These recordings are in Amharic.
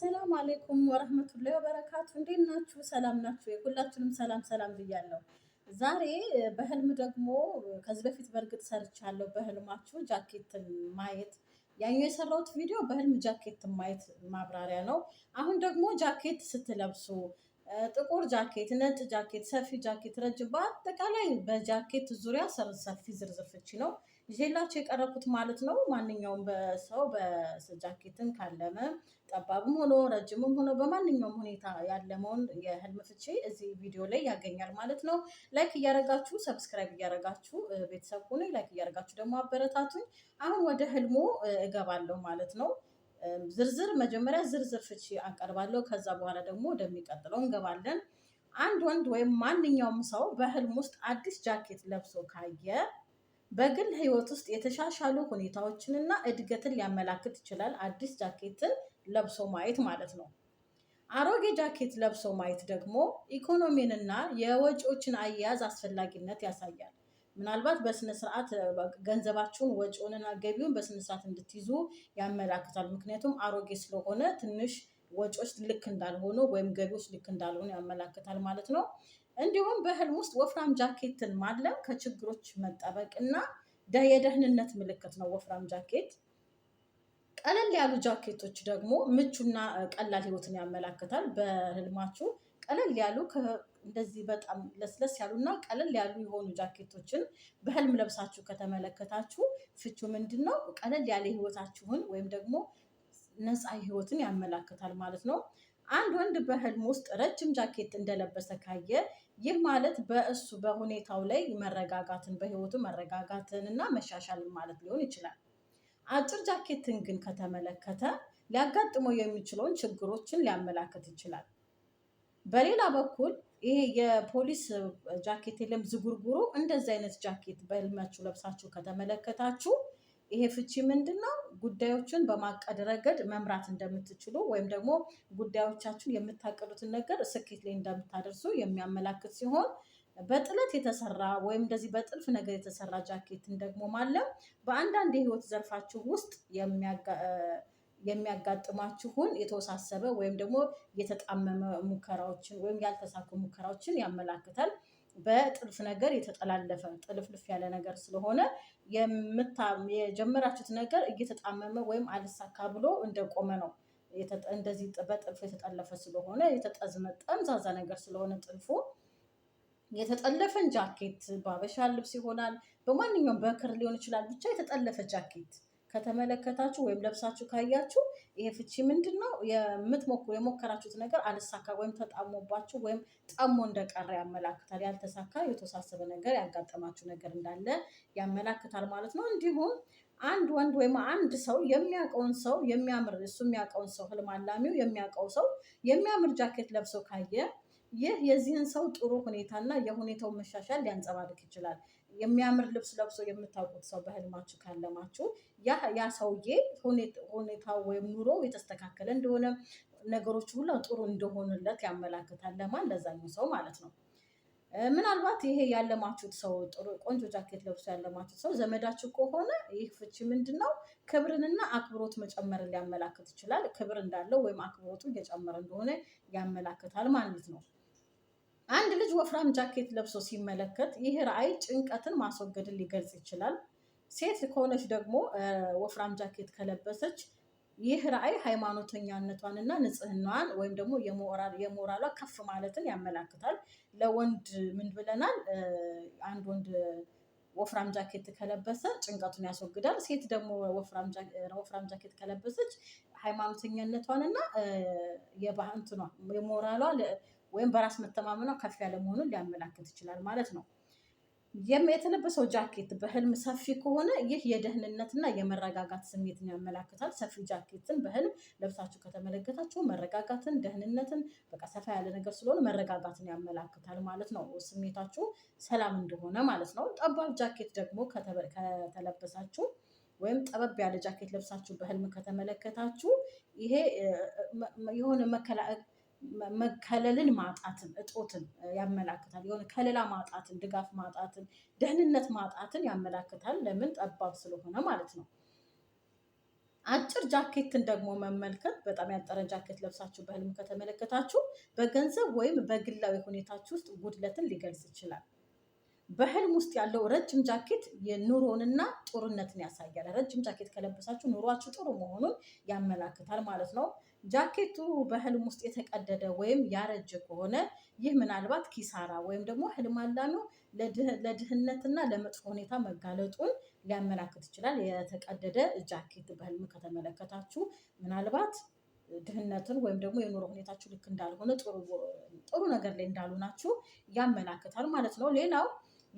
አሰላም አሌይኩም ወረህመቱላሂ ወበረካቱ። እንዴት ናችሁ? ሰላም ናችሁ? የሁላችንም ሰላም ሰላም ብያለሁ። ዛሬ በህልም ደግሞ ከዚህ በፊት በእርግጥ ሰርቻለሁ። በህልማችሁ ጃኬትን ማየት ያኛው የሰራሁት ቪዲዮ በህልም ጃኬትን ማየት ማብራሪያ ነው። አሁን ደግሞ ጃኬት ስትለብሱ ጥቁር ጃኬት፣ ነጭ ጃኬት፣ ሰፊ ጃኬት፣ ረጅም በአጠቃላይ በጃኬት ዙሪያ ሰፊ ዝርዝር ፍቺ ነው። ይዤላቸው የቀረብኩት ማለት ነው። ማንኛውም በሰው በጃኬትን ካለመ ጠባብም ሆኖ ረጅምም ሆኖ በማንኛውም ሁኔታ ያለመውን የህልም ፍቺ እዚህ ቪዲዮ ላይ ያገኛል ማለት ነው። ላይክ እያደረጋችሁ ሰብስክራይብ እያደረጋችሁ ቤተሰብ ሁኑ። ላይክ እያደረጋችሁ ደግሞ አበረታቱኝ። አሁን ወደ ህልሙ እገባለሁ ማለት ነው። ዝርዝር መጀመሪያ ዝርዝር ፍቺ አቀርባለሁ። ከዛ በኋላ ደግሞ ወደሚቀጥለው እንገባለን። አንድ ወንድ ወይም ማንኛውም ሰው በህልም ውስጥ አዲስ ጃኬት ለብሶ ካየ በግል ህይወት ውስጥ የተሻሻሉ ሁኔታዎችንና እድገትን ሊያመላክት ይችላል። አዲስ ጃኬትን ለብሶ ማየት ማለት ነው። አሮጌ ጃኬት ለብሶ ማየት ደግሞ ኢኮኖሚንና የወጪዎችን አያያዝ አስፈላጊነት ያሳያል። ምናልባት በስነስርዓት ገንዘባችሁን ወጪውንና ገቢውን በስነስርዓት እንድትይዙ ያመላክታል። ምክንያቱም አሮጌ ስለሆነ ትንሽ ወጪዎች ልክ እንዳልሆኑ ወይም ገቢዎች ልክ እንዳልሆኑ ያመላክታል ማለት ነው። እንዲሁም በህልም ውስጥ ወፍራም ጃኬትን ማለም ከችግሮች መጠበቅ እና የደህንነት ምልክት ነው። ወፍራም ጃኬት ቀለል ያሉ ጃኬቶች ደግሞ ምቹና ቀላል ህይወትን ያመላክታል። በህልማችሁ ቀለል ያሉ እንደዚህ በጣም ለስለስ ያሉና ቀለል ያሉ የሆኑ ጃኬቶችን በህልም ለብሳችሁ ከተመለከታችሁ ፍቹ ምንድን ነው? ቀለል ያለ ህይወታችሁን ወይም ደግሞ ነፃ ህይወትን ያመላክታል ማለት ነው። አንድ ወንድ በህልም ውስጥ ረጅም ጃኬት እንደለበሰ ካየ ይህ ማለት በእሱ በሁኔታው ላይ መረጋጋትን በህይወቱ መረጋጋትን እና መሻሻልን ማለት ሊሆን ይችላል። አጭር ጃኬትን ግን ከተመለከተ ሊያጋጥመው የሚችለውን ችግሮችን ሊያመላክት ይችላል። በሌላ በኩል ይሄ የፖሊስ ጃኬት የለም ዝጉርጉሩ እንደዚህ አይነት ጃኬት በህልማችሁ ለብሳችሁ ከተመለከታችሁ ይሄ ፍቺ ምንድን ነው? ጉዳዮችን በማቀድ ረገድ መምራት እንደምትችሉ ወይም ደግሞ ጉዳዮቻችሁን የምታቀዱትን ነገር ስኬት ላይ እንደምታደርሱ የሚያመላክት ሲሆን በጥለት የተሰራ ወይም እንደዚህ በጥልፍ ነገር የተሰራ ጃኬትን ደግሞ ማለም በአንዳንድ የህይወት ዘርፋችሁ ውስጥ የሚያጋጥማችሁን የተወሳሰበ ወይም ደግሞ የተጣመመ ሙከራዎችን ወይም ያልተሳኩ ሙከራዎችን ያመላክታል። በጥልፍ ነገር የተጠላለፈ ጥልፍልፍ ያለ ነገር ስለሆነ የጀመራችሁት ነገር እየተጣመመ ወይም አልሳካ ብሎ እንደቆመ ነው። እንደዚህ በጥልፍ የተጠለፈ ስለሆነ የተጠዝመ ጠምዛዛ ነገር ስለሆነ ጥልፉ የተጠለፈን ጃኬት በአበሻ ልብስ ይሆናል፣ በማንኛውም በክር ሊሆን ይችላል። ብቻ የተጠለፈ ጃኬት ከተመለከታችሁ ወይም ለብሳችሁ ካያችሁ ይሄ ፍቺ ምንድን ነው? የምትሞክሩ የሞከራችሁት ነገር አልሳካ ወይም ተጣሞባችሁ ወይም ጠሞ እንደቀረ ያመላክታል። ያልተሳካ የተወሳሰበ ነገር ያጋጠማችሁ ነገር እንዳለ ያመላክታል ማለት ነው። እንዲሁም አንድ ወንድ ወይም አንድ ሰው የሚያውቀውን ሰው የሚያምር እሱ የሚያውቀውን ሰው ህልም አላሚው የሚያውቀው ሰው የሚያምር ጃኬት ለብሶ ካየ ይህ የዚህን ሰው ጥሩ ሁኔታና የሁኔታው መሻሻል ሊያንጸባርቅ ይችላል። የሚያምር ልብስ ለብሶ የምታውቁት ሰው በህልማችሁ ካለማችሁ ያ ያ ሰውዬ ሁኔታው ወይም ኑሮ የተስተካከለ እንደሆነ ነገሮች ሁሉ ጥሩ እንደሆኑለት ያመላክታል። ለማን ለዛኛው ሰው ማለት ነው። ምናልባት ይሄ ያለማችሁት ሰው ጥሩ ቆንጆ ጃኬት ለብሶ ያለማችሁት ሰው ዘመዳችሁ ከሆነ ይህ ፍቺ ምንድን ነው? ክብርንና አክብሮት መጨመርን ሊያመላክት ይችላል። ክብር እንዳለው ወይም አክብሮቱ እየጨመረ እንደሆነ ያመላክታል ማለት ነው። አንድ ልጅ ወፍራም ጃኬት ለብሶ ሲመለከት ይህ ራዕይ ጭንቀትን ማስወገድን ሊገልጽ ይችላል። ሴት ከሆነች ደግሞ ወፍራም ጃኬት ከለበሰች ይህ ራዕይ ሃይማኖተኛነቷንና ንጽህናዋን ወይም ደግሞ የሞራሏ ከፍ ማለትን ያመላክታል። ለወንድ ምን ብለናል? አንድ ወንድ ወፍራም ጃኬት ከለበሰ ጭንቀቱን ያስወግዳል። ሴት ደግሞ ወፍራም ጃኬት ከለበሰች ሃይማኖተኛነቷንና የባህንትኗ የሞራሏ ወይም በራስ መተማመኗ ከፍ ያለ መሆኑን ሊያመላክት ይችላል ማለት ነው። የተለበሰው ጃኬት በህልም ሰፊ ከሆነ ይህ የደህንነትና የመረጋጋት ስሜትን ያመላክታል። ሰፊ ጃኬትን በህልም ለብሳችሁ ከተመለከታችሁ መረጋጋትን፣ ደህንነትን በቃ ሰፋ ያለ ነገር ስለሆነ መረጋጋትን ያመላክታል ማለት ነው። ስሜታችሁ ሰላም እንደሆነ ማለት ነው። ጠባብ ጃኬት ደግሞ ከተለበሳችሁ ወይም ጠበብ ያለ ጃኬት ለብሳችሁ በህልም ከተመለከታችሁ ይሄ የሆነ መከላከል መከለልን ማጣትን እጦትን ያመላክታል። የሆነ ከለላ ማጣትን፣ ድጋፍ ማጣትን፣ ደህንነት ማጣትን ያመላክታል። ለምን ጠባብ ስለሆነ ማለት ነው። አጭር ጃኬትን ደግሞ መመልከት በጣም ያጠረ ጃኬት ለብሳችሁ በህልም ከተመለከታችሁ በገንዘብ ወይም በግላዊ ሁኔታችሁ ውስጥ ጉድለትን ሊገልጽ ይችላል። በህልም ውስጥ ያለው ረጅም ጃኬት የኑሮንና ጦርነትን ያሳያል። ረጅም ጃኬት ከለበሳችሁ ኑሯችሁ ጥሩ መሆኑን ያመላክታል ማለት ነው። ጃኬቱ በህልም ውስጥ የተቀደደ ወይም ያረጀ ከሆነ ይህ ምናልባት ኪሳራ ወይም ደግሞ ህልም አላሚው ለድህነትና ለመጥፎ ሁኔታ መጋለጡን ሊያመላክት ይችላል። የተቀደደ ጃኬት በህልም ከተመለከታችሁ ምናልባት ድህነትን ወይም ደግሞ የኑሮ ሁኔታችሁ ልክ እንዳልሆነ ጥሩ ነገር ላይ እንዳሉ ናችሁ ያመላክታል ማለት ነው። ሌላው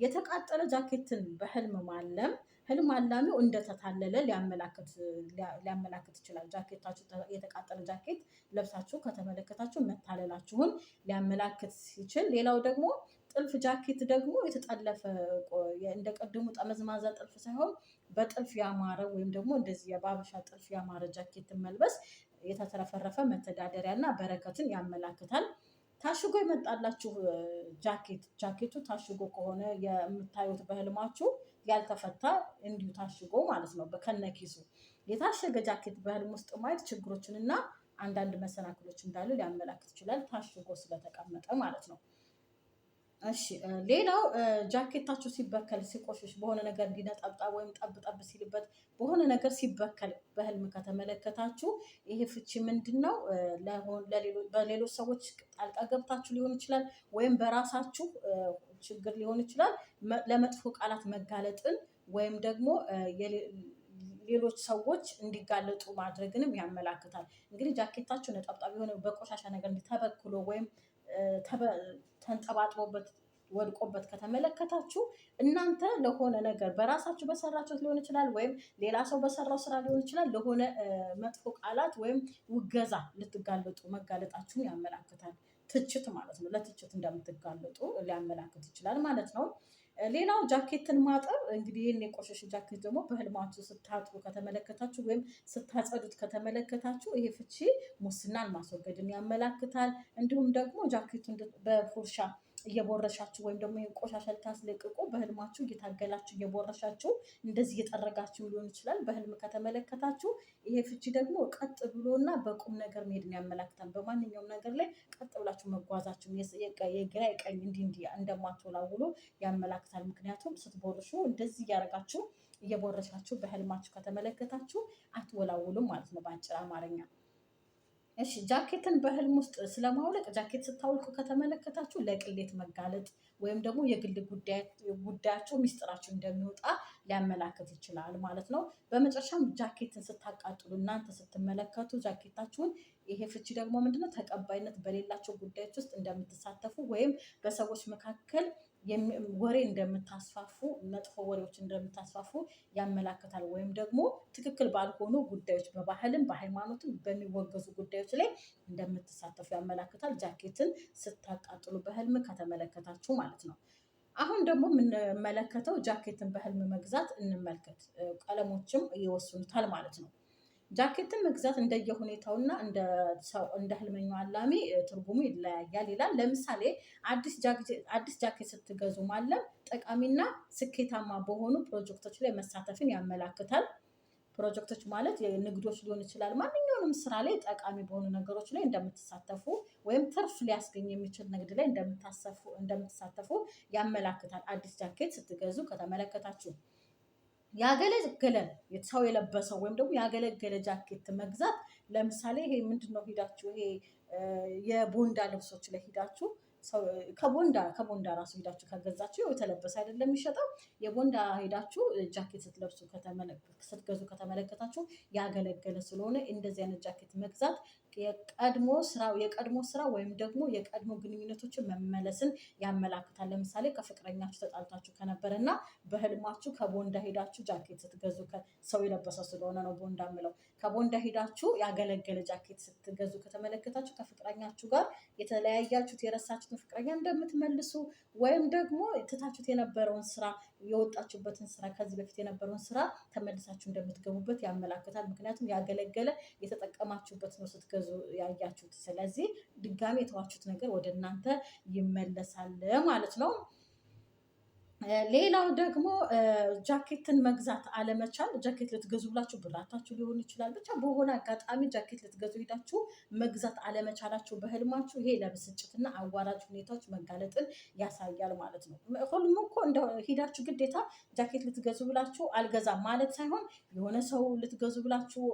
የተቃጠለ ጃኬትን በህልም ማለም ህልም አላሚው እንደተታለለ ሊያመላክት ይችላል። ጃኬታችሁ የተቃጠለ ጃኬት ለብሳችሁ ከተመለከታችሁ መታለላችሁን ሊያመላክት ሲችል፣ ሌላው ደግሞ ጥልፍ ጃኬት ደግሞ የተጠለፈ እንደ ቀድሙ ጠመዝማዛ ጥልፍ ሳይሆን በጥልፍ ያማረ ወይም ደግሞ እንደዚህ የባበሻ ጥልፍ ያማረ ጃኬትን መልበስ የተትረፈረፈ መተዳደሪያ እና በረከትን ያመላክታል። ታሽጎ የመጣላችሁ ጃኬት ጃኬቱ ታሽጎ ከሆነ የምታዩት በህልማችሁ ያልተፈታ እንዲሁ ታሽጎ ማለት ነው። ከነኪሱ የታሸገ ጃኬት በህልም ውስጥ ማየት ችግሮችን እና አንዳንድ መሰናክሎች እንዳሉ ሊያመላክት ይችላል። ታሽጎ ስለተቀመጠ ማለት ነው። እሺ ሌላው ጃኬታችሁ ሲበከል ሲቆሽሽ በሆነ ነገር እንዲነጠብጣብ ወይም ጠብጠብ ሲልበት በሆነ ነገር ሲበከል በህልም ከተመለከታችሁ ይሄ ፍቺ ምንድን ነው? በሌሎች ሰዎች ጣልቃ ገብታችሁ ሊሆን ይችላል፣ ወይም በራሳችሁ ችግር ሊሆን ይችላል። ለመጥፎ ቃላት መጋለጥን ወይም ደግሞ ሌሎች ሰዎች እንዲጋለጡ ማድረግንም ያመላክታል። እንግዲህ ጃኬታችሁ ነጠብጣብ የሆነ በቆሻሻ ነገር ተበክሎ ወይም ተንጠባጥቦበት ወድቆበት ከተመለከታችሁ እናንተ ለሆነ ነገር በራሳችሁ በሰራችሁት ሊሆን ይችላል፣ ወይም ሌላ ሰው በሰራው ስራ ሊሆን ይችላል። ለሆነ መጥፎ ቃላት ወይም ውገዛ ልትጋለጡ መጋለጣችሁን ያመላክታል። ትችት ማለት ነው። ለትችት እንደምትጋለጡ ሊያመላክት ይችላል ማለት ነው። ሌላው ጃኬትን ማጠብ እንግዲህ ይህን የቆሸሽ ጃኬት ደግሞ በህልማችሁ ስታጥቡ ከተመለከታችሁ ወይም ስታጸዱት ከተመለከታችሁ ይሄ ፍቺ ሙስናን ማስወገድን ያመላክታል። እንዲሁም ደግሞ ጃኬቱን በፉርሻ እየቦረሻችሁ ወይም ደግሞ ቆሻሻ ልታስለቅቁ በህልማችሁ እየታገላችሁ እየቦረሻችሁ እንደዚህ እየጠረጋችሁ ሊሆን ይችላል። በህልም ከተመለከታችሁ ይሄ ፍቺ ደግሞ ቀጥ ብሎና በቁም ነገር መሄድን ያመላክታል። በማንኛውም ነገር ላይ ቀጥ ብላችሁ መጓዛችሁ የግራ ቀኝ እንዲህ እንዲህ እንደማትወላውሉ ያመላክታል። ምክንያቱም ስትቦርሹ እንደዚህ እያደረጋችሁ እየቦረሻችሁ በህልማችሁ ከተመለከታችሁ አትወላውሉም ማለት ነው በአጭር አማርኛ። እሺ ጃኬትን በህልም ውስጥ ስለማውለቅ ጃኬት ስታውልቁ ከተመለከታችሁ ለቅሌት መጋለጥ ወይም ደግሞ የግል ጉዳያቸው ሚስጥራቸው እንደሚወጣ ሊያመላክት ይችላል ማለት ነው። በመጨረሻም ጃኬትን ስታቃጥሉ እናንተ ስትመለከቱ ጃኬታችሁን፣ ይሄ ፍቺ ደግሞ ምንድነው? ተቀባይነት በሌላቸው ጉዳዮች ውስጥ እንደምትሳተፉ ወይም በሰዎች መካከል ወሬ እንደምታስፋፉ መጥፎ ወሬዎች እንደምታስፋፉ ያመላክታል። ወይም ደግሞ ትክክል ባልሆኑ ጉዳዮች በባህልም በሃይማኖትም በሚወገዙ ጉዳዮች ላይ እንደምትሳተፉ ያመላክታል። ጃኬትን ስታቃጥሉ በህልም ከተመለከታችሁ ማለት ነው። አሁን ደግሞ የምንመለከተው ጃኬትን በህልም መግዛት እንመልከት። ቀለሞችም ይወስኑታል ማለት ነው። ጃኬትን መግዛት እንደየሁኔታውና እንደ ህልመኛው አላሚ ትርጉሙ ይለያያል ይላል። ለምሳሌ አዲስ ጃኬት ስትገዙ ማለም ጠቃሚና ስኬታማ በሆኑ ፕሮጀክቶች ላይ መሳተፍን ያመላክታል። ፕሮጀክቶች ማለት ንግዶች ሊሆን ይችላል። ማንኛውንም ስራ ላይ ጠቃሚ በሆኑ ነገሮች ላይ እንደምትሳተፉ ወይም ትርፍ ሊያስገኝ የሚችል ንግድ ላይ እንደምትሳተፉ ያመላክታል። አዲስ ጃኬት ስትገዙ ከተመለከታችሁ ያገለገለ ሰው የለበሰው ወይም ደግሞ ያገለገለ ጃኬት መግዛት። ለምሳሌ ይሄ ምንድነው ሂዳችሁ ይሄ የቦንዳ ልብሶች ላይ ሂዳችሁ ከቦንዳ ከቦንዳ ራሱ ሄዳችሁ ከገዛችሁ የተለበሰ አይደለም የሚሸጠው። የቦንዳ ሄዳችሁ ጃኬት ስትለብሱ ስትገዙ ከተመለከታችሁ ያገለገለ ስለሆነ እንደዚህ አይነት ጃኬት መግዛት የቀድሞ ስራ የቀድሞ ስራ ወይም ደግሞ የቀድሞ ግንኙነቶችን መመለስን ያመላክታል። ለምሳሌ ከፍቅረኛችሁ ተጣልታችሁ ከነበረ እና በህልማችሁ ከቦንዳ ሄዳችሁ ጃኬት ስትገዙ ሰው የለበሰው ስለሆነ ነው ቦንዳ ምለው። ከቦንዳ ሄዳችሁ ያገለገለ ጃኬት ስትገዙ ከተመለከታችሁ ከፍቅረኛችሁ ጋር የተለያያችሁት የረሳችሁትን ፍቅረኛ እንደምትመልሱ ወይም ደግሞ ትታችሁት የነበረውን ስራ የወጣችሁበትን ስራ ከዚህ በፊት የነበረውን ስራ ተመልሳችሁ እንደምትገቡበት ያመላክታል። ምክንያቱም ያገለገለ የተጠቀማችሁበት ነው ስትገዙ ያያችሁት። ስለዚህ ድጋሚ የተዋችሁት ነገር ወደ እናንተ ይመለሳል ማለት ነው። ሌላው ደግሞ ጃኬትን መግዛት አለመቻል። ጃኬት ልትገዙ ብላችሁ ብራታችሁ ሊሆን ይችላል። ብቻ በሆነ አጋጣሚ ጃኬት ልትገዙ ሄዳችሁ መግዛት አለመቻላችሁ በህልማችሁ፣ ይሄ ለብስጭትና አዋራጅ ሁኔታዎች መጋለጥን ያሳያል ማለት ነው። ሁሉም እኮ እንደ ሄዳችሁ ግዴታ ጃኬት ልትገዙ ብላችሁ አልገዛም ማለት ሳይሆን የሆነ ሰው ልትገዙ ብላችሁ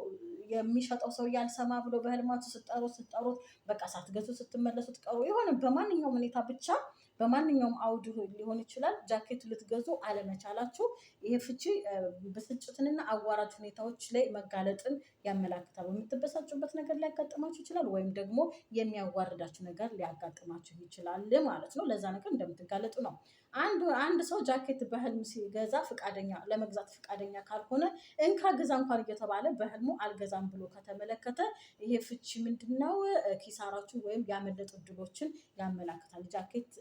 የሚሸጠው ሰው ያልሰማ ብሎ በህልማችሁ ስጠሩት ስጠሩት በቃ ሳትገዙ ስትመለሱ ትቀሩ የሆነ በማንኛውም ሁኔታ ብቻ በማንኛውም አውድ ሊሆን ይችላል ጃኬት ልትገዙ አለመቻላችሁ ይሄ ፍቺ ብስጭትንና አዋራጅ ሁኔታዎች ላይ መጋለጥን ያመላክታል። የምትበሳጩበት ነገር ሊያጋጥማችሁ ይችላል፣ ወይም ደግሞ የሚያዋርዳችሁ ነገር ሊያጋጥማችሁ ይችላል ማለት ነው። ለዛ ነገር እንደምትጋለጡ ነው። አንድ አንድ ሰው ጃኬት በህልም ሲገዛ ፍቃደኛ ለመግዛት ፍቃደኛ ካልሆነ እንካ ግዛ እንኳን እየተባለ በህልሙ አልገዛም ብሎ ከተመለከተ ይሄ ፍቺ ምንድነው? ኪሳራችሁ ወይም ያመለጡ እድሎችን ያመላክታል ጃኬት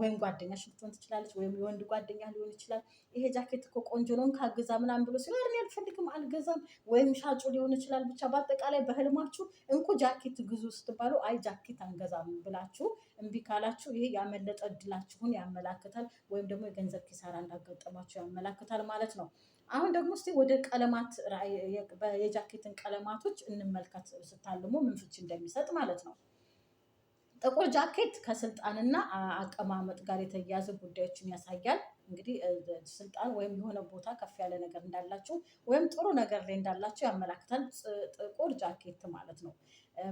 ወይም ጓደኛሽ ልትሆን ትችላለች፣ ወይም የወንድ ጓደኛ ሊሆን ይችላል። ይሄ ጃኬት እኮ ቆንጆ ነው ካገዛ ምናምን ብሎ ሲሆን እኔ አልፈልግም አልገዛም፣ ወይም ሻጩ ሊሆን ይችላል። ብቻ በአጠቃላይ በህልማችሁ እንኩ ጃኬት ግዙ ስትባሉ አይ ጃኬት አንገዛም ብላችሁ እምቢ ካላችሁ ይሄ ያመለጠ እድላችሁን ያመላክታል፣ ወይም ደግሞ የገንዘብ ኪሳራ እንዳጋጠማችሁ ያመላክታል ማለት ነው። አሁን ደግሞ እስኪ ወደ ቀለማት የጃኬትን ቀለማቶች እንመልከት፣ ስታልሞ ምን ፍቺ እንደሚሰጥ ማለት ነው። ጥቁር ጃኬት ከስልጣንና አቀማመጥ ጋር የተያያዘ ጉዳዮችን ያሳያል። እንግዲህ ስልጣን ወይም የሆነ ቦታ ከፍ ያለ ነገር እንዳላችሁ ወይም ጥሩ ነገር ላይ እንዳላችሁ ያመላክታል። ጥቁር ጃኬት ማለት ነው።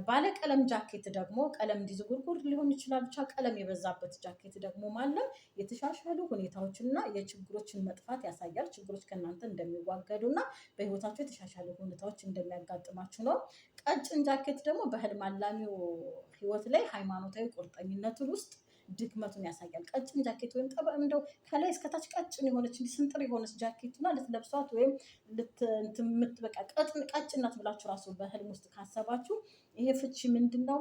ባለቀለም ጃኬት ደግሞ ቀለም እንዲህ ጉርጉር ሊሆን ይችላል። ብቻ ቀለም የበዛበት ጃኬት ደግሞ ማለም የተሻሻሉ ሁኔታዎችና የችግሮችን መጥፋት ያሳያል። ችግሮች ከእናንተ እንደሚዋገዱ እና በህይወታቸው የተሻሻሉ ሁኔታዎች እንደሚያጋጥማችሁ ነው። ቀጭን ጃኬት ደግሞ በህልም አላሚው ህይወት ላይ ሃይማኖታዊ ቁርጠኝነትን ውስጥ ድክመቱን ያሳያል። ቀጭን ጃኬት ወይም ጠባ እንደው ከላይ እስከታች ቀጭን የሆነች ስንጥር የሆነች ና ልትለብሷት ወይም ልትምት በቃ ቀጭን ናት ብላችሁ ራሱ በህልም ውስጥ ካሰባችሁ ይሄ ፍቺ ምንድን ነው?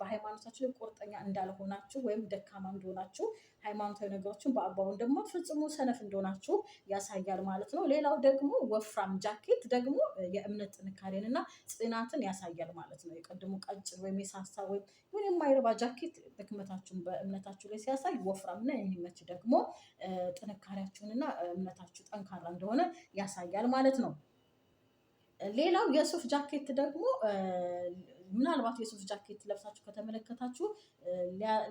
በሃይማኖታችሁ ላይ ቁርጠኛ እንዳልሆናችሁ ወይም ደካማ እንደሆናችሁ ሃይማኖታዊ ነገሮችን በአግባቡ ደግሞ ፍጽሙ ሰነፍ እንደሆናችሁ ያሳያል ማለት ነው። ሌላው ደግሞ ወፍራም ጃኬት ደግሞ የእምነት ጥንካሬን እና ጽናትን ያሳያል ማለት ነው። የቀድሞ ቀጭን ወይም የሳሳ ወይም ምን የማይረባ ጃኬት ድክመታችሁን በእምነታችሁ ላይ ሲያሳይ፣ ወፍራም እና የሚመች ደግሞ ጥንካሬያችሁንና እምነታችሁ ጠንካራ እንደሆነ ያሳያል ማለት ነው። ሌላው የሱፍ ጃኬት ደግሞ ምናልባት የሱፍ ጃኬት ለብሳችሁ ከተመለከታችሁ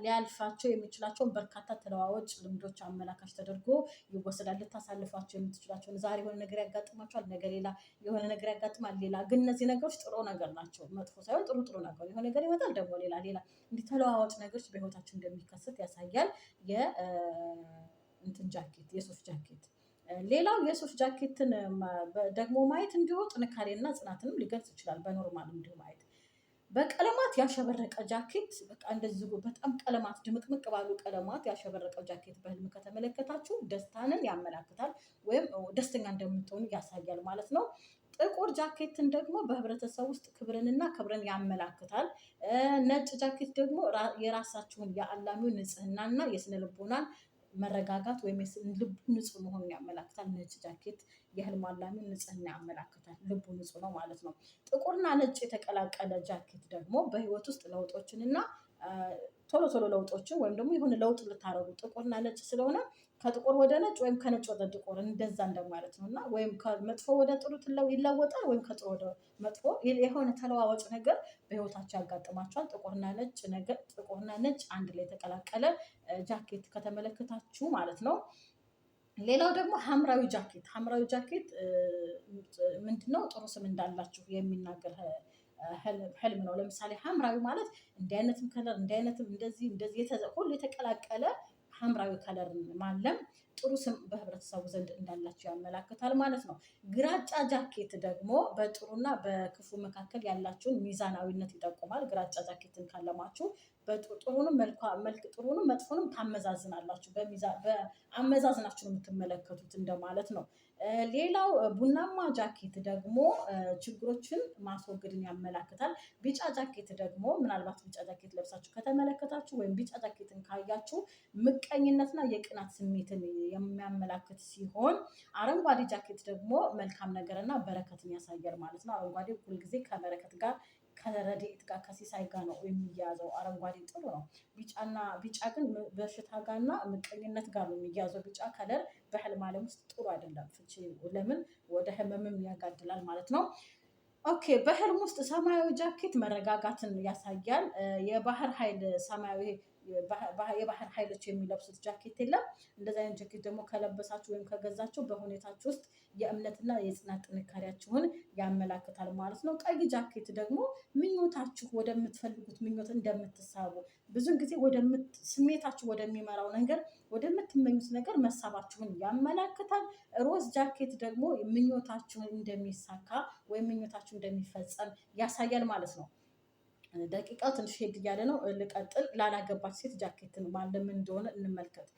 ሊያልፋቸው የሚችላቸውን በርካታ ተለዋዋጭ ልምዶች አመላካች ተደርጎ ይወሰዳል። ልታሳልፏቸው የምትችላቸውን ዛሬ የሆነ ነገር ያጋጥማቸዋል፣ ነገ ሌላ የሆነ ነገር ያጋጥማል፣ ሌላ ግን እነዚህ ነገሮች ጥሩ ነገር ናቸው። መጥፎ ሳይሆን ጥሩ ጥሩ ነገር የሆነ ነገር ይመጣል፣ ደግሞ ሌላ ሌላ እንዲህ ተለዋዋጭ ነገሮች በህይወታችን እንደሚከሰት ያሳያል። የእንትን ጃኬት የሱፍ ጃኬት ሌላው የሱፍ ጃኬትን ደግሞ ማየት እንዲሁ ጥንካሬና ጽናትንም ሊገልጽ ይችላል። በኖርማል እንዲሁ ማየት በቀለማት ያሸበረቀ ጃኬት በቃ እንደዚህ በጣም ቀለማት ድምቅምቅ ባሉ ቀለማት ያሸበረቀው ጃኬት በህልም ከተመለከታችሁ ደስታንን ያመላክታል ወይም ደስተኛ እንደምትሆኑ ያሳያል ማለት ነው። ጥቁር ጃኬትን ደግሞ በህብረተሰብ ውስጥ ክብርንና ክብርን ያመላክታል። ነጭ ጃኬት ደግሞ የራሳችሁን የአላሚውን ንጽህናና የስነ ልቦናን መረጋጋት ወይም ልቡ ንጹህ መሆኑን ያመላክታል። ነጭ ጃኬት የህልም አላሚን ንጽህና ያመላክታል። ልቡ ንጹህ ነው ማለት ነው። ጥቁርና ነጭ የተቀላቀለ ጃኬት ደግሞ በህይወት ውስጥ ለውጦችን እና ቶሎ ቶሎ ለውጦችን ወይም ደግሞ የሆነ ለውጥ ልታረጉ ጥቁርና ነጭ ስለሆነ ከጥቁር ወደ ነጭ ወይም ከነጭ ወደ ጥቁር እንደዛ እንደማለት ነው እና ወይም ከመጥፎ ወደ ጥሩ ይለወጣል ወይም ከጥሩ ወደ መጥፎ የሆነ ተለዋዋጭ ነገር በህይወታቸው ያጋጥማቸዋል። ጥቁርና ነጭ ነገር ጥቁርና ነጭ አንድ ላይ የተቀላቀለ ጃኬት ከተመለከታችሁ ማለት ነው። ሌላው ደግሞ ሐምራዊ ጃኬት ሐምራዊ ጃኬት ምንድነው ጥሩ ስም እንዳላችሁ የሚናገር ህልም ነው። ለምሳሌ ሐምራዊ ማለት እንዲህ አይነትም ከለር እንዲህ አይነትም እንደዚህ እንደዚህ ሁሉ የተቀላቀለ ሐምራዊ ከለርን ማለም ጥሩ ስም በህብረተሰቡ ዘንድ እንዳላቸው ያመላክታል ማለት ነው። ግራጫ ጃኬት ደግሞ በጥሩና በክፉ መካከል ያላችሁን ሚዛናዊነት ይጠቁማል። ግራጫ ጃኬትን ካለማችሁ ጥሩንም ጥሩንም መጥፎንም ታመዛዝናላችሁ፣ በአመዛዝናችሁ የምትመለከቱት እንደማለት ነው። ሌላው ቡናማ ጃኬት ደግሞ ችግሮችን ማስወገድን ያመላክታል። ቢጫ ጃኬት ደግሞ ምናልባት ቢጫ ጃኬት ለብሳችሁ ከተመለከታችሁ ወይም ቢጫ ጃኬትን ካያችሁ ምቀኝነትና የቅናት ስሜትን የሚያመላክት ሲሆን፣ አረንጓዴ ጃኬት ደግሞ መልካም ነገርና በረከትን ያሳያል ማለት ነው። አረንጓዴ ሁልጊዜ ከበረከት ጋር ከረድኤት ጋር ከሲሳይ ጋር ነው የሚያዘው። አረንጓዴ ጥሩ ነው። ቢጫና ቢጫ ግን በሽታ ጋርና ምቀኝነት ጋር ነው የሚያዘው። ቢጫ ከለር በህልም ዓለም ውስጥ ጥሩ አይደለም። ፍቺ ለምን ወደ ህመምም ያጋድላል ማለት ነው። ኦኬ በህልም ውስጥ ሰማያዊ ጃኬት መረጋጋትን ያሳያል። የባህር ኃይል ሰማያዊ የባህር ኃይሎች የሚለብሱት ጃኬት የለም። እንደዚህ አይነት ጃኬት ደግሞ ከለበሳችሁ ወይም ከገዛችሁ በሁኔታችሁ ውስጥ የእምነትና የጽናት ጥንካሬያችሁን ያመላክታል ማለት ነው። ቀይ ጃኬት ደግሞ ምኞታችሁ ወደምትፈልጉት ምኞት እንደምትሳቡ ብዙን ጊዜ ስሜታችሁ ወደሚመራው ነገር ወደምትመኙት ነገር መሳባችሁን ያመላክታል። ሮዝ ጃኬት ደግሞ ምኞታችሁን እንደሚሳካ ወይም ምኞታችሁ እንደሚፈጸም ያሳያል ማለት ነው። ደቂቃው ትንሽ ሄድ እያለ ነው። ልቀጥል። ላላገባች ሴት ጃኬትን ማለት እንደሆነ እንመልከት።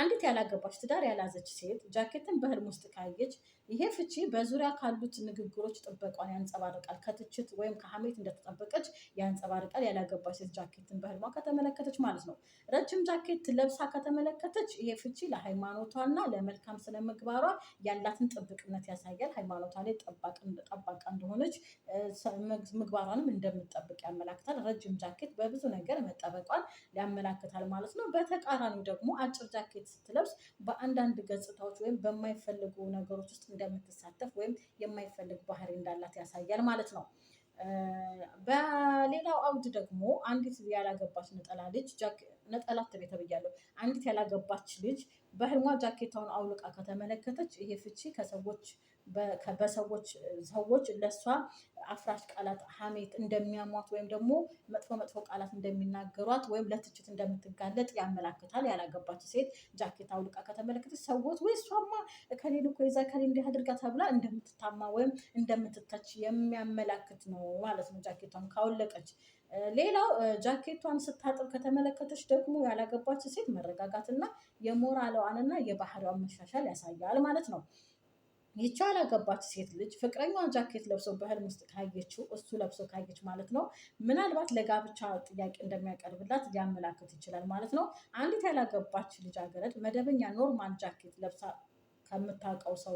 አንዲት ያላገባች ትዳር ያላዘች ሴት ጃኬትን በህልም ውስጥ ካየች ይሄ ፍቺ በዙሪያ ካሉት ንግግሮች ጥበቋን ያንጸባርቃል። ከትችት ወይም ከሀሜት እንደተጠበቀች ያንጸባርቃል። ያላገባች ሴት ጃኬትን በህልሟ ከተመለከተች ማለት ነው። ረጅም ጃኬት ለብሳ ከተመለከተች ይሄ ፍቺ ለሃይማኖቷና ለመልካም ስነ ምግባሯ ያላትን ጥብቅነት ያሳያል። ሃይማኖቷ ላይ ጠባቃ እንደሆነች፣ ምግባሯንም እንደምጠብቅ ያመላክታል። ረጅም ጃኬት በብዙ ነገር መጠበቋን ያመላክታል ማለት ነው። በተቃራኒው ደግሞ አጭር ጃኬት ስኬት ስትለብስ በአንዳንድ ገጽታዎች ወይም በማይፈልጉ ነገሮች ውስጥ እንደምትሳተፍ ወይም የማይፈልግ ባህሪ እንዳላት ያሳያል ማለት ነው። በሌላው አውድ ደግሞ አንዲት ያላገባች ነጠላ ልጅ ነጠላ ትቤተ ብያለሁ። አንዲት ያላገባች ልጅ በህልሟ ጃኬታውን አውልቃ ከተመለከተች ይሄ ፍቺ ከሰዎች በሰዎች ሰዎች ለእሷ አፍራሽ ቃላት፣ ሀሜት እንደሚያሟት ወይም ደግሞ መጥፎ መጥፎ ቃላት እንደሚናገሯት ወይም ለትችት እንደምትጋለጥ ያመላክታል። ያላገባች ሴት ጃኬት አውልቃ ከተመለከተች ሰዎች ወይ እሷማ ከሌል እኮ የዛ ከሌ እንዲህ አድርጋ ተብላ እንደምትታማ ወይም እንደምትተች የሚያመላክት ነው ማለት ነው ጃኬቷን ካወለቀች። ሌላው ጃኬቷን ስታጥብ ከተመለከተች ደግሞ ያላገባች ሴት መረጋጋትና የሞራሏንና የባህሪዋን መሻሻል ያሳያል ማለት ነው። ይቺ ያላገባች ሴት ልጅ ፍቅረኛዋ ጃኬት ለብሶ በህልም ውስጥ ካየችው እሱ ለብሶ ካየች ማለት ነው ምናልባት ለጋብቻ ጥያቄ እንደሚያቀርብላት ሊያመላክት ይችላል ማለት ነው። አንዲት ያላገባች ልጃገረድ መደበኛ ኖርማል ጃኬት ለብሳ ከምታውቀው ሰው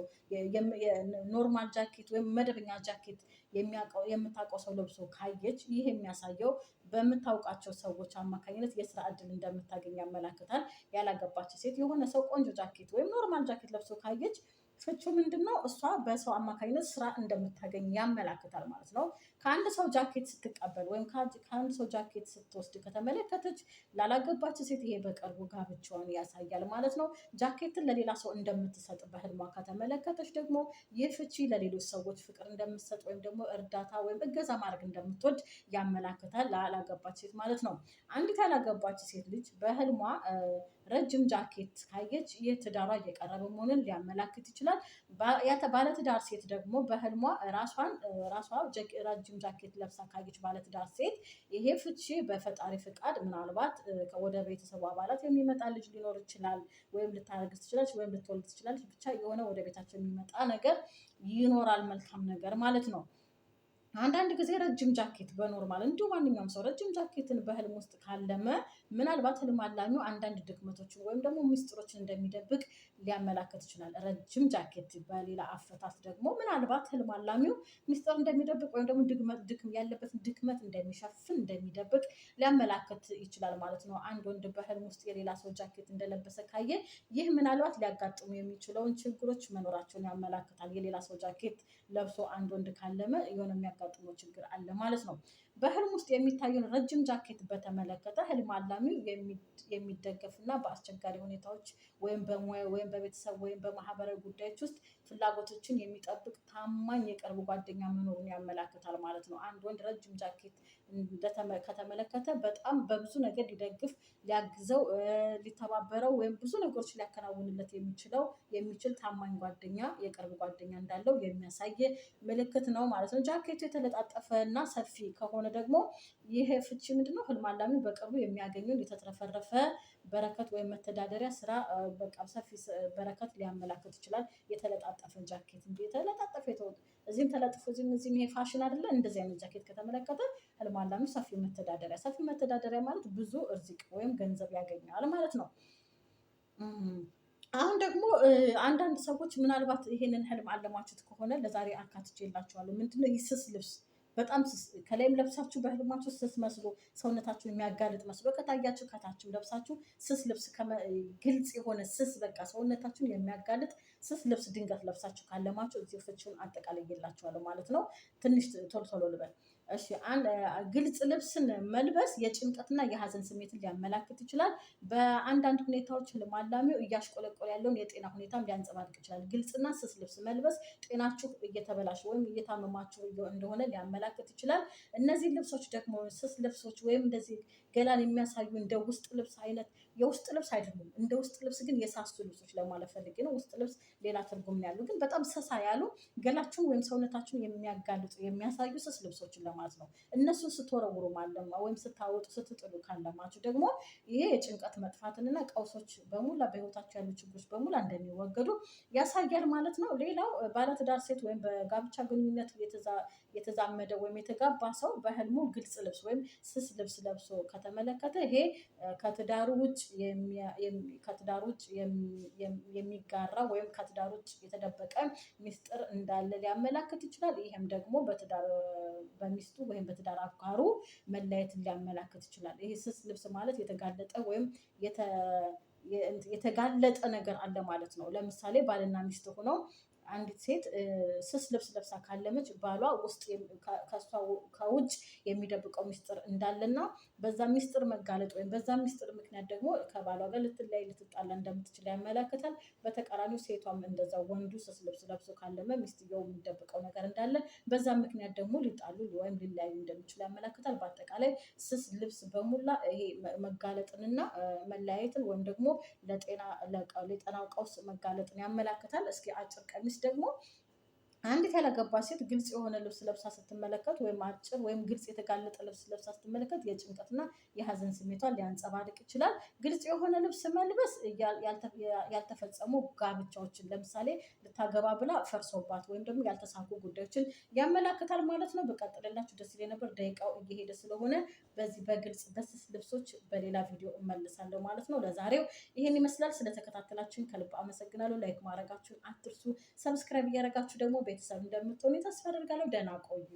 ኖርማል ጃኬት ወይም መደበኛ ጃኬት የምታውቀው ሰው ለብሶ ካየች ይህ የሚያሳየው በምታውቃቸው ሰዎች አማካኝነት የስራ እድል እንደምታገኝ ያመላክታል። ያላገባች ሴት የሆነ ሰው ቆንጆ ጃኬት ወይም ኖርማል ጃኬት ለብሶ ካየች ፍቹ ምንድን ነው? እሷ በሰው አማካኝነት ስራ እንደምታገኝ ያመላክታል ማለት ነው። ከአንድ ሰው ጃኬት ስትቀበል ወይም ከአንድ ሰው ጃኬት ስትወስድ ከተመለከተች ላላገባች ሴት ይሄ በቅርቡ ጋብቻዋን ያሳያል ማለት ነው። ጃኬትን ለሌላ ሰው እንደምትሰጥ በህልሟ ከተመለከተች ደግሞ ይህ ፍቺ ለሌሎች ሰዎች ፍቅር እንደምትሰጥ ወይም ደግሞ እርዳታ ወይም እገዛ ማድረግ እንደምትወድ ያመላክታል። ላላገባች ሴት ማለት ነው። አንዲት ያላገባች ሴት ልጅ በህልሟ ረጅም ጃኬት ካየች የትዳሯ እየቀረበ መሆኑን ሊያመላክት ይችላል። ባለትዳር ሴት ደግሞ በህልሟ ራሷን ራሷ ረጅም ጃኬት ለብሳ ካየች ባለትዳር ሴት ይሄ ፍቺ በፈጣሪ ፍቃድ ምናልባት ወደ ቤተሰቡ አባላት የሚመጣ ልጅ ሊኖር ይችላል፣ ወይም ልታረግዝ ትችላለች፣ ወይም ልትወልድ ትችላለች። ብቻ የሆነ ወደ ቤታቸው የሚመጣ ነገር ይኖራል፣ መልካም ነገር ማለት ነው። አንዳንድ ጊዜ ረጅም ጃኬት በኖርማል እንዲሁ ማንኛውም ሰው ረጅም ጃኬትን በህልም ውስጥ ካለመ ምናልባት ህልም አላኙ አንዳንድ ድክመቶችን ወይም ደግሞ ምስጢሮችን እንደሚደብቅ ሊያመላክት ይችላል። ረጅም ጃኬት በሌላ አፈታት ደግሞ ምናልባት ህልም አላኙ ምስጢር እንደሚደብቅ ወይም ደግሞ ድክም ያለበትን ድክመት እንደሚሸፍን እንደሚደብቅ ሊያመላክት ይችላል ማለት ነው። አንድ ወንድ በህልም ውስጥ የሌላ ሰው ጃኬት እንደለበሰ ካየ ይህ ምናልባት ሊያጋጥሙ የሚችለውን ችግሮች መኖራቸውን ያመላክታል። የሌላ ሰው ጃኬት ለብሶ አንድ ወንድ ካለመ የሆነ የሚያጋጥመው ችግር አለ ማለት ነው። በህልም ውስጥ የሚታየውን ረጅም ጃኬት በተመለከተ ህልም አላሚው እና በአስቸጋሪ ሁኔታዎች ወይም በሙያ ወይም በቤተሰብ ወይም በማህበራዊ ጉዳዮች ውስጥ ፍላጎቶችን የሚጠብቅ ታማኝ የቅርብ ጓደኛ መኖሩን ያመላክታል ማለት ነው። አንድ ወንድ ረጅም ጃኬት ከተመለከተ በጣም በብዙ ነገር ሊደግፍ ሊያግዘው ሊተባበረው ወይም ብዙ ነገሮች ሊያከናውንለት የሚችለው የሚችል ታማኝ ጓደኛ የቅርብ ጓደኛ እንዳለው የሚያሳይ ምልክት ነው ማለት ነው። ጃኬቱ የተለጣጠፈ እና ሰፊ ከሆነ ደግሞ ይሄ ፍቺ ምንድነው? ህልም በቅርቡ የሚያገኘውን የተትረፈረፈ በረከት ወይም መተዳደሪያ ስራ በቃ ሰፊ በረከት ሊያመላክት ይችላል። የተለጣጠፈ ጃኬት እንጂ የተለጣጠፈ እዚህም ተለጥፎ እዚህም እዚህም ይሄ ፋሽን አይደለ? እንደዚህ አይነት ጃኬት ከተመለከተ ህልም አላሚው ሰፊ መተዳደሪያ፣ ሰፊ መተዳደሪያ ማለት ብዙ እርዚቅ ወይም ገንዘብ ያገኛል ማለት ነው። አሁን ደግሞ አንዳንድ ሰዎች ምናልባት ይሄንን ህልም አለማችሁት ከሆነ ለዛሬ አካትቼላችኋለሁ። ምንድነው ይስስ ልብስ በጣም ከላይም ለብሳችሁ በህልማችሁ ስስ መስሎ ሰውነታችሁን የሚያጋልጥ መስሎ ከታያችሁ ከታችም ለብሳችሁ ስስ ልብስ ግልጽ የሆነ ስስ በቃ ሰውነታችሁን የሚያጋልጥ ስስ ልብስ ድንገት ለብሳችሁ ካለማችሁ እዚህ ፍቺውን አጠቃላይ የላችኋለሁ ማለት ነው። ትንሽ ቶሎ ቶሎ ልበል። እሺ ግልጽ ልብስን መልበስ የጭንቀትና የሀዘን ስሜትን ሊያመላክት ይችላል። በአንዳንድ ሁኔታዎች ልማላሚው እያሽቆለቆለ ያለውን የጤና ሁኔታም ሊያንጸባርቅ ይችላል። ግልጽና ስስ ልብስ መልበስ ጤናችሁ እየተበላሽ ወይም እየታመማችሁ እንደሆነ ሊያመላክት ይችላል። እነዚህ ልብሶች ደግሞ ስስ ልብሶች ወይም እንደዚህ ገላን የሚያሳዩ እንደ ውስጥ ልብስ አይነት የውስጥ ልብስ አይደሉም። እንደ ውስጥ ልብስ ግን የሳሱ ልብሶች ለማለት ፈልጌ ነው። ውስጥ ልብስ ሌላ ትርጉም ነው ያሉ ግን በጣም ሰሳ ያሉ ገላችሁን ወይም ሰውነታችሁን የሚያጋልጡ የሚያሳዩ ስስ ልብሶችን ለማለት ነው። እነሱን ስትወረውሩ ማለማ ወይም ስታወጡ ስትጥሉ ካለማችሁ ደግሞ ይሄ የጭንቀት መጥፋትንና ቀውሶች በሙላ በህይወታቸው ያሉ ችግሮች በሙላ እንደሚወገዱ ያሳያል ማለት ነው። ሌላው ባለትዳር ሴት ወይም በጋብቻ ግንኙነት የተዛመደ ወይም የተጋባ ሰው በህልሙ ግልጽ ልብስ ወይም ስስ ልብስ ለብሶ ከተመለከተ ይሄ ከትዳሩ ውጭ ከትዳር ውጭ የሚጋራ ወይም ከትዳር ውጭ የተደበቀ ሚስጥር እንዳለ ሊያመላክት ይችላል። ይሄም ደግሞ በሚስቱ ወይም በትዳር አጋሩ መለየት ሊያመላክት ይችላል። ይሄ ስስ ልብስ ማለት የተጋለጠ ወይም የተጋለጠ ነገር አለ ማለት ነው። ለምሳሌ ባልና ሚስት ሆነው አንዲት ሴት ስስ ልብስ ለብሳ ካለመች ባሏ ውስጥ ከሷ ከውጭ የሚደብቀው ሚስጥር እንዳለና በዛ ሚስጥር መጋለጥ ወይም በዛ ሚስጥር ምክንያት ደግሞ ከባሏ ጋር ልትለያይ ልትጣላ እንደምትችል ያመለክታል። በተቃራኒው ሴቷም እንደዛ ወንዱ ስስ ልብስ ለብሶ ካለመ ሚስትየው የሚደብቀው ነገር እንዳለ በዛ ምክንያት ደግሞ ሊጣሉ ወይም ሊለያዩ እንደሚችሉ ያመላክታል። በአጠቃላይ ስስ ልብስ በሙላ ይሄ መጋለጥንና መለያየትን ወይም ደግሞ ለጤና ለጠናው ቀውስ መጋለጥን ያመላክታል። እስኪ አጭር ቀሚስ సిస్టము አንዲት ያላገባች ሴት ግልጽ የሆነ ልብስ ለብሳ ስትመለከት ወይም አጭር ወይም ግልጽ የተጋለጠ ልብስ ለብሳ ስትመለከት የጭንቀትና የሀዘን ስሜቷን ሊያንጸባርቅ ይችላል። ግልጽ የሆነ ልብስ መልበስ ያልተፈጸሙ ጋብቻዎችን ለምሳሌ ልታገባ ብላ ፈርሶባት ወይም ደግሞ ያልተሳኩ ጉዳዮችን ያመላክታል ማለት ነው። በቀጥልላችሁ ደስ ይለኝ ነበር፣ ደቂቃው እየሄደ ስለሆነ በዚህ በግልጽ በስስ ልብሶች በሌላ ቪዲዮ እመልሳለሁ ማለት ነው። ለዛሬው ይህን ይመስላል። ስለተከታተላችሁን ከልብ አመሰግናለሁ። ላይክ ማድረጋችሁን አትርሱ። ሰብስክራይብ እያደረጋችሁ ደግሞ ቤተሰብ እንደምትሆኑ ተስፋ አደርጋለሁ። ደህና ቆዩ።